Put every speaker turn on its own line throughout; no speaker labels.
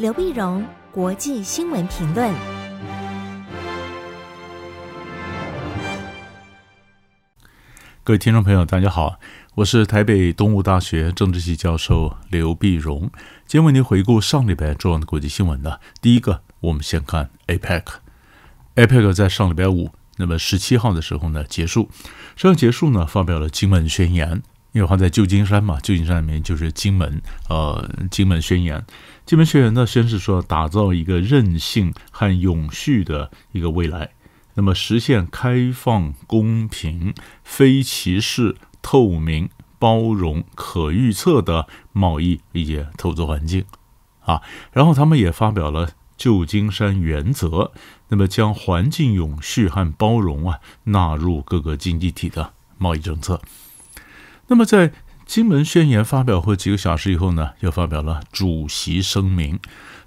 劉必榮，國際新聞評論。各位聽眾朋友，大家好，我是台北東吳大學政治系教授劉必榮。今天為您回顧上禮拜重要的國際新聞呢。第一個，我們先看 APEC。APEC 在上禮拜五，那麼十七號的時候呢結束。上結束呢，發表了《金門宣言》。因為他在舊金山嘛，舊金山裡面就是金門，呃，金門宣言。金門宣言呢，宣示說打造一個韌性和永續的一個未來，那麼實現開放、公平、非歧視、透明、包容、可預測的貿易以及投資環境啊。然後他們也發表了舊金山原則，那麼將環境、永續和包容啊納入各個經濟體的貿易政策。那麼，在《金門宣言》發表後幾個小時以後呢，又發表了主席聲明。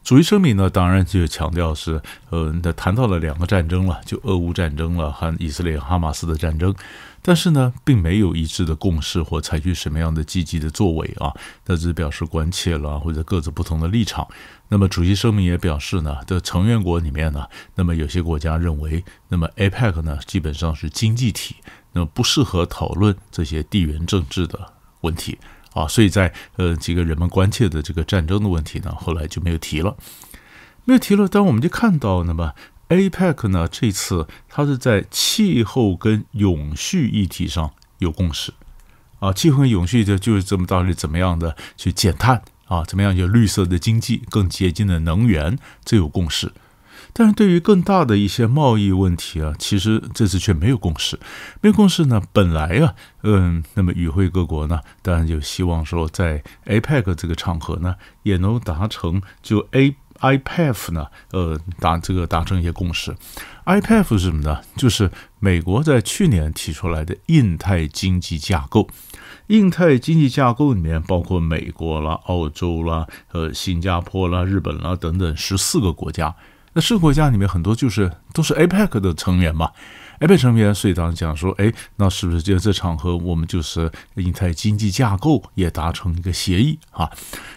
主席聲明呢，當然就強調是，呃，他談到了兩個戰爭了，就俄烏戰爭了和以色列哈馬斯的戰爭，但是呢，並沒有一致的共識或採取什麼樣的積極的作為啊，那只表示關切了或者各自不同的立場。那麼，主席聲明也表示呢，在成員國裡面呢，那麼有些國家認為，那麼 APEC 呢，基本上是經濟體。那不適合討論這些地緣政治的問題啊，所以在呃這個人們關切的這個戰爭的問題呢，後來就沒有提了，沒有提了。但我們就看到，那麼 APEC 呢，這次它是在氣候跟永續議題上有共識啊，氣候跟永續就就是這麼到底怎麼樣的去減碳啊，怎麼樣就綠色的經濟、更潔淨的能源，這有共識。但是對於更大的一些貿易問題啊，其實這次卻沒有共識。沒有共識呢，本來啊，嗯，那麼與會各國呢，當然就希望說，在 APEC 這個場合呢，也能達成就 IPEF 呢，呃，達這個達成一些共識。IPEF 是什麼呢？就是美國在去年提出來的印太經濟架構。印太經濟架構裡面包括美國啦、澳洲啦、呃、新加坡啦、日本啦等等十四個國家。那十個國家裡面很多就是都是 APEC 的成員嘛，APEC 成員，所以當然講說，哎，那是不是就這場合我們就是印太經濟架構也達成一個協議啊？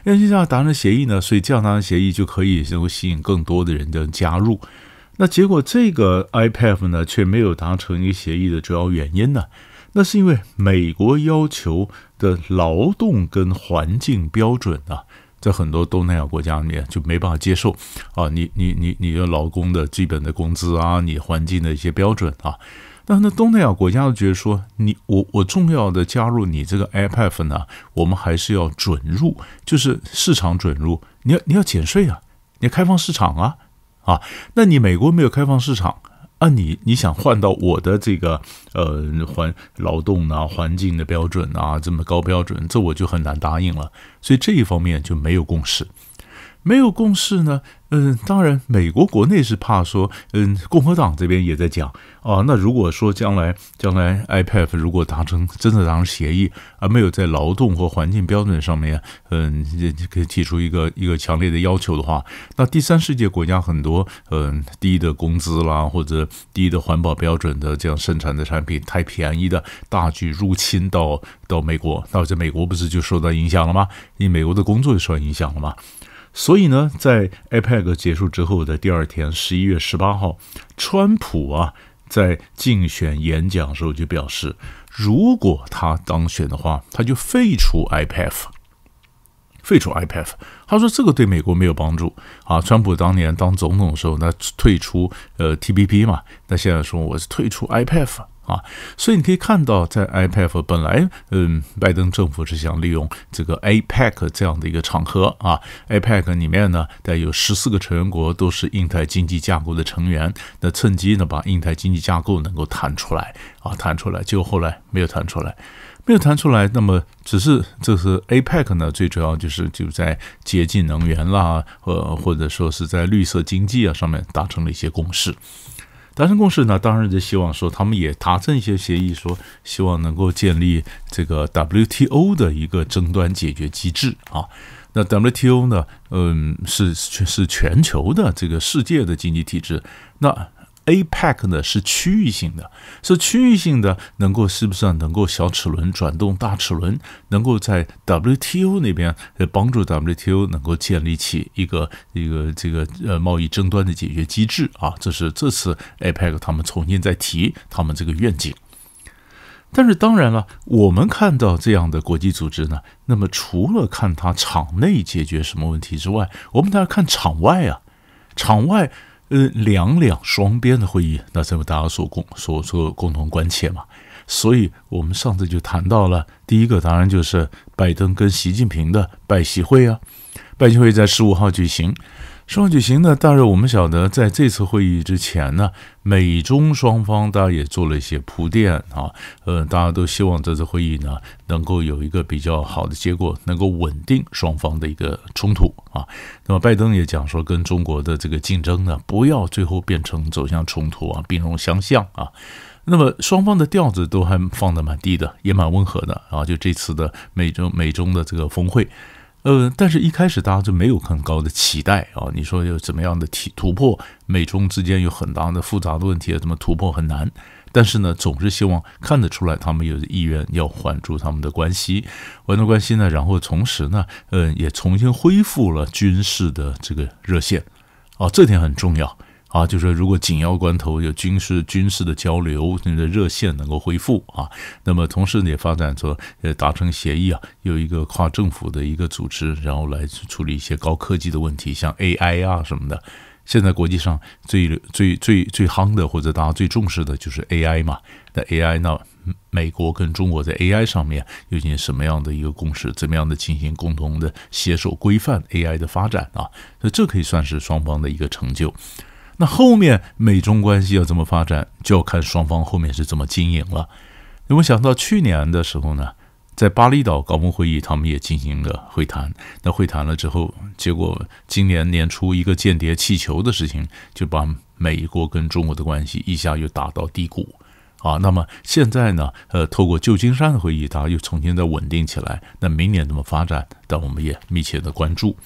印太經濟架構達成協議呢，所以這樣達成協議就可以能夠吸引更多的人的加入。那結果這個 IPEF 呢卻沒有達成一個協議的主要原因呢，那是因為美國要求的勞動跟環境標準呢、啊。在很多東南亞國家裡面就沒辦法接受啊，你你你你的勞工的基本的工資啊，你環境的一些標準啊，但是呢，東南亞國家就覺得說，你我我重要的加入你這個 IPEF 呢，我們還是要準入，就是市場準入，你要你要減稅啊，你要開放市場啊，啊，那你美國沒有開放市場。啊你，你你想換到我的這個呃環勞動呢、啊、環境的標準啊，這麼高標準，這我就很難答應了。所以這一方面就沒有共識。沒有共識呢？嗯，當然，美國國內是怕說，嗯，共和黨這邊也在講啊。那如果說將來將來 IPEF 如果達成真的達成協議，而沒有在勞動或環境標準上面，嗯，也可以提出一個一個強烈的要求的話，那第三世界國家很多，嗯，低的工資啦或者低的環保標準的這樣生產的產品太便宜的，大舉入侵到到美國，那在美國不是就受到影響了嗎？你美國的工作就受到影響了嗎？所以呢，在 APEC 結束之後的第二天，十一月十八號，川普啊在競選演講的時候就表示，如果他當選的話，他就廢除 IPEF，廢除 IPEF。他說這個對美國沒有幫助啊。川普當年當總統的時候，他退出呃 TPP 嘛，那現在說我是退出 IPEF。啊，所以你可以看到，在 IPEF 本來，嗯，拜登政府是想利用這個 APEC 這樣的一個場合啊，APEC 裡面呢，帶有十四個成員國都是印太經濟架構的成員，那趁機呢把印太經濟架構能夠談出來啊，談出來，結果後來沒有談出來，沒有談出來，那麼只是這是 APEC 呢，最主要就是就在潔淨能源啦，呃，或者說是在綠色經濟啊上面達成了一些共識。達成共識呢，當然就希望說他們也達成一些協議，說希望能夠建立這個 WTO 的一個爭端解決機制啊。那 WTO 呢，嗯，是是全球的這個世界的經濟體制。那 APEC 呢，是區域性的，是區域性的，性的能夠是不是能夠小齒輪轉動大齒輪，能夠在 WTO 那邊幫助 WTO 能夠建立起一個一個這個呃貿易爭端的解決機制啊，這是這次 APEC 他們重新在提他們這個願景。但是當然了，我們看到這樣的國際組織呢，那麼除了看他場內解決什麼問題之外，我們還要看場外啊，場外。呃，兩兩雙邊的會議，那這麼大家所共所所共同關切嘛。所以，我們上次就談到了第一個，當然就是拜登跟習近平的拜習會啊，拜習會在十五號舉行。雙方舉行呢？但是我們曉得，在這次會議之前呢，美中雙方大家也做了一些鋪墊啊。呃，大家都希望這次會議呢，能夠有一個比較好的結果，能夠穩定雙方的一個衝突啊。那麼，拜登也講說，跟中國的這個競爭呢，不要最後變成走向衝突啊，兵戎相向啊。那麼，雙方的調子都還放得蠻低的，也蠻溫和的啊。就這次的美中美中的這個峰會。呃，但是一開始大家就沒有很高的期待啊。你說要怎麼樣的提突破？美中之間有很大的複雜的問題，怎麼突破很難。但是呢，總是希望看得出來他們有的意願要緩住他們的關係，緩住關係呢，然後同時呢，呃，也重新恢復了軍事的這個熱線，啊，這點很重要。啊，就是說如果緊要關頭，有軍事軍事的交流那個熱線能夠恢復啊，那麼同時也發展著呃達成協議啊，有一個跨政府的一個組織，然後來處理一些高科技的問題，像 AI 啊什麼的。現在國際上最最最最夯的，或者大家最重視的就是 AI 嘛。那 AI 呢，美國跟中國在 AI 上面又進行什麼樣的一個共識，怎麼樣的進行共同的攜手規範 AI 的發展啊？那這可以算是雙方的一個成就。那後面美中關係要怎麼發展，就要看雙方後面是怎麼經營了。那我想到去年的時候呢，在巴厘島高峰會議，他們也進行了會談。那會談了之後，結果今年年初一個間諜氣球的事情，就把美國跟中國的關係一下又打到低谷。啊，那麼現在呢，呃，透過舊金山的會議，他又重新再穩定起來。那明年怎麼發展？但我們也密切的關注。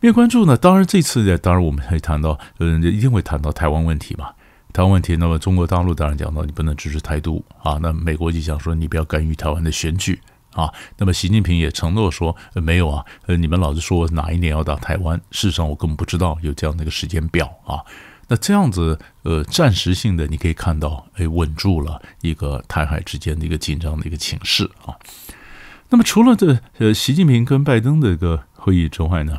越關注呢，當然這次也當然我們會談到，呃，一定會談到台灣問題嘛。台灣問題，那麼中國大陸當然講到，你不能支持台獨啊。那美國就想說，你不要干預台灣的選舉啊。那麼習近平也承諾說，呃，沒有啊，呃，你們老是說我哪一年要打台灣，事實上我根本不知道有這樣的一個時間表啊。那這樣子，呃，暫時性的你可以看到，哎，穩住了一個台海之間的一個緊張的一個情勢啊。那麼除了這呃，習近平跟拜登的一個會議之外呢，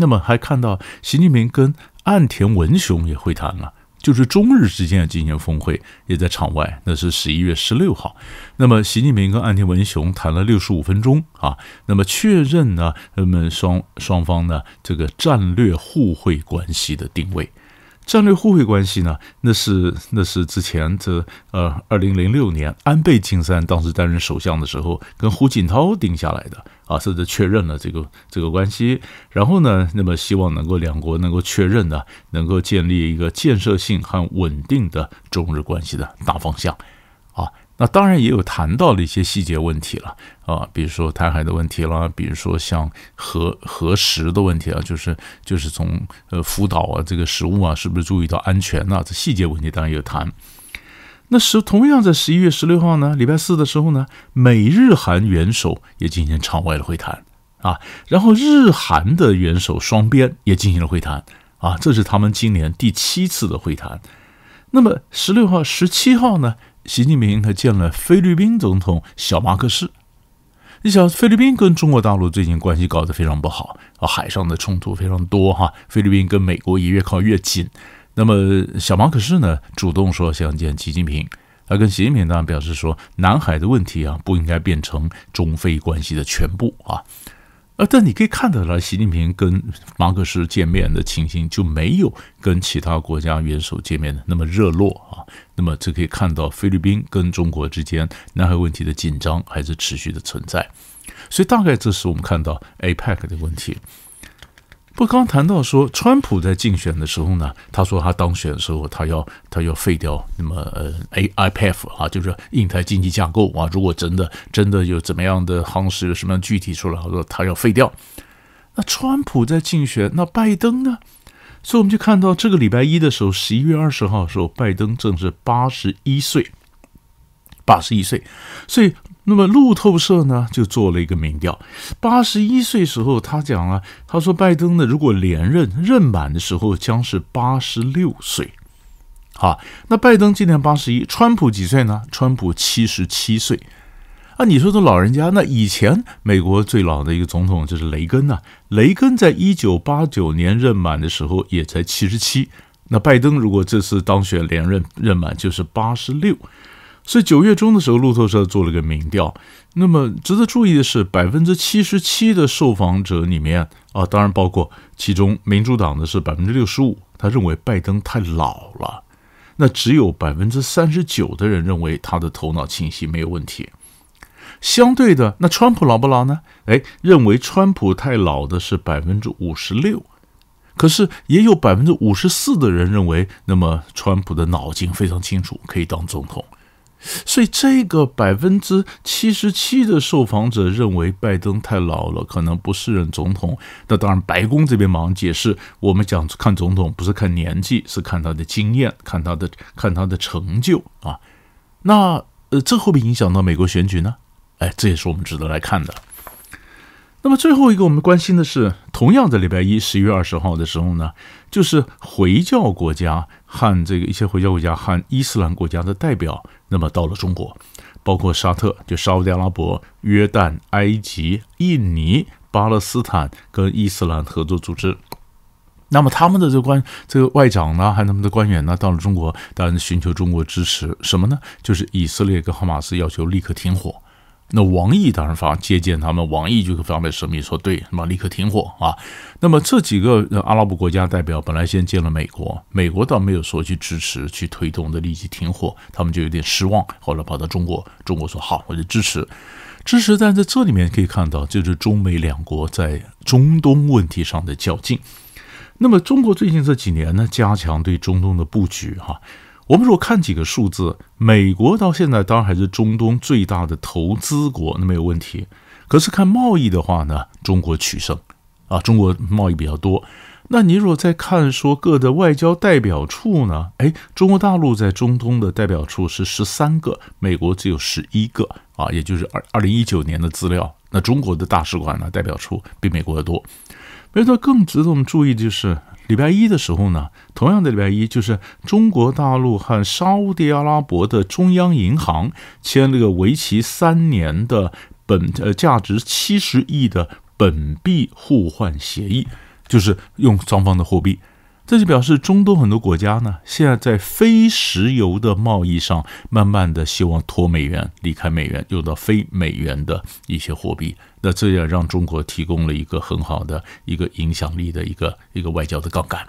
那麼還看到習近平跟岸田文雄也會談了啊，就是中日之間要進行峰會，也在場外，那是十一月十六號。那麼習近平跟岸田文雄談了六十五分鐘啊，那麼確認呢，他們雙雙方呢這個戰略互惠關係的定位。戰略互惠關係呢，那是那是之前這呃二零零六年安倍晉三當時擔任首相的時候跟胡錦濤定下來的啊，甚至確認了這個這個關係。然後呢，那麼希望能夠兩國能夠確認呢、啊，能夠建立一個建設性和穩定的中日關係的大方向。那當然也有談到了一些細節問題了啊，比如說台海的問題啦，比如說像核核食的問題啊，就是就是從呃福島啊這個食物啊是不是注意到安全吶、啊？這細節問題當然也有談。那時同樣在十一月十六號呢，禮拜四的時候呢，美日韓元首也進行場外的會談啊，然後日韓的元首雙邊也進行了會談啊，這是他們今年第七次的會談。那麼十六號、十七號呢，習近平他見了菲律賓總統小馬可仕。你想，菲律賓跟中國大陸最近關係搞得非常不好，啊，海上的衝突非常多哈。菲律賓跟美國也越靠越近。那麼小馬可仕呢，主動說想見習近平。他跟習近平呢，表示說，南海的問題啊，不應該變成中菲關係的全部啊。呃，但你可以看得來，習近平跟馬可仕見面的情形就沒有跟其他國家元首見面的那麼熱絡啊，那麼這可以看到菲律賓跟中國之間南海問題的緊張還是持續的存在，所以大概這是我們看到 APEC 的問題。不，剛談到說，川普在競選的時候呢，他說他當選的時候，他要他要廢掉那麼呃 IPEF 啊，就是印太經濟架構啊。如果真的真的有怎麼樣的夯實，有什麼樣具體出來，他說他要廢掉。那川普在競選，那拜登呢？所以我們就看到這個禮拜一的時候，十一月二十號的時候，拜登正是八十一歲，八十一歲，所以。那麼路透社呢就做了一個民調，八十一歲時候他講了、啊，他說拜登呢如果連任任滿的時候將是八十六歲，啊，那拜登今年八十一，川普幾歲呢？川普七十七歲，啊，你說這老人家，那以前美國最老的一個總統就是雷根吶、啊，雷根在一九八九年任滿的時候也才七十七，那拜登如果這次當選連任任滿就是八十六。所以九月中的時候，路透社做了個民調。那麼值得注意的是百分之七十七的受訪者裡面啊，當然包括其中民主黨的是百分之六十五，他認為拜登太老了。那只有百分之三十九的人認為他的頭腦清晰沒有問題。相對的，那川普老不老呢？誒，認為川普太老的是百分之五十六，可是也有百分之五十四的人認為，那麼川普的腦筋非常清楚，可以當總統。所以，這個百分之七十七的受訪者認為拜登太老了，可能不適任總統。那當然，白宮這邊忙解釋，我們講看總統不是看年紀，是看他的經驗，看他的看他的成就啊。那呃，這會不會影響到美國選舉呢？哎，這也是我們值得來看的。那麼，最後一個我們關心的是，同樣在禮拜一十一月二十號的時候呢，就是回教國家。和這個一些回教國家、和伊斯蘭國家的代表，那麼到了中國，包括沙特、就沙烏地阿拉伯、約旦、埃及、印尼、巴勒斯坦跟伊斯蘭合作組織，那麼他們的這個官，這個外長呢，還有他們的官員呢，到了中國，當然尋求中國支持，什麼呢？就是以色列跟哈馬斯要求立刻停火。那王毅當然发便接見，他們王毅就發表聲明說對，那麼立刻停火啊。那麼這幾個、呃、阿拉伯國家代表本來先見了美國，美國倒沒有說去支持、去推動的立即停火，他們就有點失望，後來跑到中國，中國說好，我就支持支持。但在這裡面可以看到，就是中美兩國在中東問題上的較勁。那麼中國最近這幾年呢，加強對中東的布局哈、啊。我們如果看幾個數字，美國到現在當然還是中東最大的投資國，那沒有問題。可是看貿易的話呢，中國取勝，啊，中國貿易比較多。那你如果再看說各的外交代表處呢，哎，中國大陸在中東的代表處是十三個，美國只有十一個，啊，也就是二二零一九年的資料。那中國的大使館呢，代表處比美國要多。比如說更值得我們注意的就是。禮拜一的時候呢，同樣的禮拜一，就是中國大陸和沙烏地阿拉伯的中央銀行簽了個為期三年的本呃價值七十億的本幣互換協議，就是用雙方的貨幣。這就表示中東很多國家呢，現在在非石油的貿易上，慢慢的希望脫美元，離開美元，用到非美元的一些貨幣。那這樣讓中國提供了一個很好的一個影響力的一個一個外交的槓桿。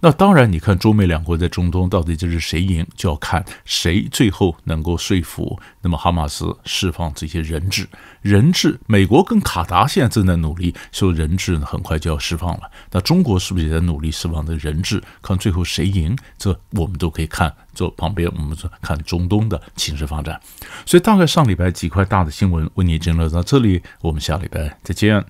那當然，你看中美兩國在中東到底這是誰贏，就要看誰最後能夠說服那麼哈馬斯釋放這些人質。人質，美國跟卡達現在正在努力，說人質呢很快就要釋放了。那中國是不是也在努力釋放的人質？看最後誰贏，這我們都可以看。這旁邊我們說看中東的情勢發展。所以大概上禮拜幾塊大的新聞為你整理到這裡，我們下禮拜再見。